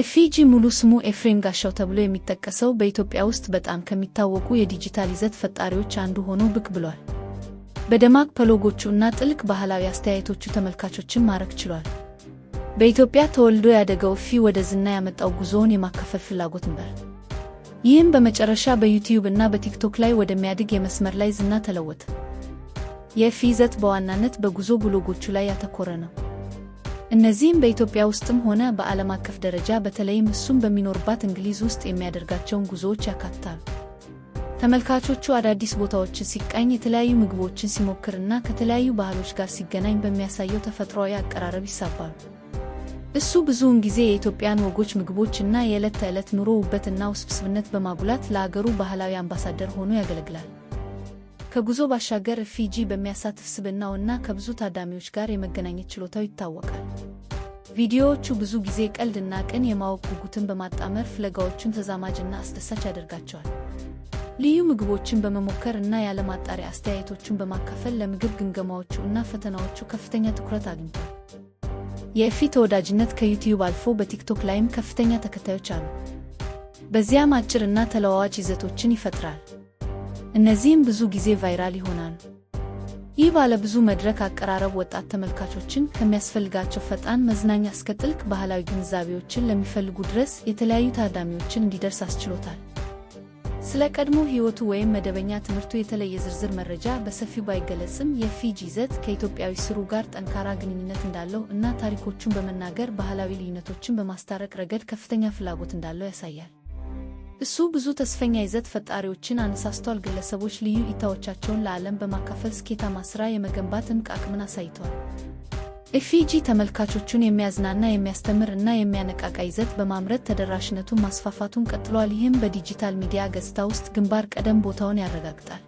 ኢፊጂ ሙሉ ስሙ ኤፍሬም ጋሻው ተብሎ የሚጠቀሰው በኢትዮጵያ ውስጥ በጣም ከሚታወቁ የዲጂታል ይዘት ፈጣሪዎች አንዱ ሆኖ ብቅ ብሏል። በደማቅ ፕሎጎቹ እና ጥልቅ ባህላዊ አስተያየቶቹ ተመልካቾችን ማረክ ችሏል። በኢትዮጵያ ተወልዶ ያደገው እፊ ወደ ዝና ያመጣው ጉዞውን የማካፈል ፍላጎት ነበር። ይህም በመጨረሻ በዩቲዩብ እና በቲክቶክ ላይ ወደሚያድግ የመስመር ላይ ዝና ተለወጠ። የፊ ይዘት በዋናነት በጉዞ ብሎጎቹ ላይ ያተኮረ ነው። እነዚህም በኢትዮጵያ ውስጥም ሆነ በዓለም አቀፍ ደረጃ በተለይም እሱም በሚኖርባት እንግሊዝ ውስጥ የሚያደርጋቸውን ጉዞዎች ያካትታሉ። ተመልካቾቹ አዳዲስ ቦታዎችን ሲቃኝ፣ የተለያዩ ምግቦችን ሲሞክርና ከተለያዩ ባህሎች ጋር ሲገናኝ በሚያሳየው ተፈጥሯዊ አቀራረብ ይሳባሉ። እሱ ብዙውን ጊዜ የኢትዮጵያን ወጎች፣ ምግቦች እና የዕለት ተዕለት ኑሮ ውበትና ውስብስብነት በማጉላት ለአገሩ ባህላዊ አምባሳደር ሆኖ ያገለግላል። ከጉዞ ባሻገር ፊጂ በሚያሳትፍ እና ከብዙ ታዳሚዎች ጋር የመገናኘት ችሎታው ይታወቃል። ቪዲዮዎቹ ብዙ ጊዜ ቀልድና ቅን የማወቅ ጉጉትን በማጣመር ፍለጋዎቹን ተዛማጅና አስደሳች ያደርጋቸዋል። ልዩ ምግቦችን በመሞከር እና ያለማጣሪያ አስተያየቶቹን በማካፈል ለምግብ ግምገማዎቹ እና ፈተናዎቹ ከፍተኛ ትኩረት አግኝቷል። የፊ ተወዳጅነት ከዩቲዩብ አልፎ በቲክቶክ ላይም ከፍተኛ ተከታዮች አሉ። በዚያም አጭር እና ተለዋዋጭ ይዘቶችን ይፈጥራል። እነዚህም ብዙ ጊዜ ቫይራል ይሆናሉ። ይህ ባለ ብዙ መድረክ አቀራረብ ወጣት ተመልካቾችን ከሚያስፈልጋቸው ፈጣን መዝናኛ እስከ ጥልቅ ባህላዊ ግንዛቤዎችን ለሚፈልጉ ድረስ የተለያዩ ታዳሚዎችን እንዲደርስ አስችሎታል። ስለ ቀድሞ ሕይወቱ ወይም መደበኛ ትምህርቱ የተለየ ዝርዝር መረጃ በሰፊው ባይገለጽም የፊጅ ይዘት ከኢትዮጵያዊ ስሩ ጋር ጠንካራ ግንኙነት እንዳለው እና ታሪኮቹን በመናገር ባህላዊ ልዩነቶችን በማስታረቅ ረገድ ከፍተኛ ፍላጎት እንዳለው ያሳያል። እሱ ብዙ ተስፈኛ ይዘት ፈጣሪዎችን አነሳስቷል። ግለሰቦች ልዩ እይታዎቻቸውን ለዓለም በማካፈል ስኬታማ ሥራ የመገንባት እምቅ አቅምን አሳይተዋል። ኤፊጂ ተመልካቾቹን የሚያዝናና የሚያስተምር እና የሚያነቃቃ ይዘት በማምረት ተደራሽነቱን ማስፋፋቱን ቀጥሏል። ይህም በዲጂታል ሚዲያ ገጽታ ውስጥ ግንባር ቀደም ቦታውን ያረጋግጣል።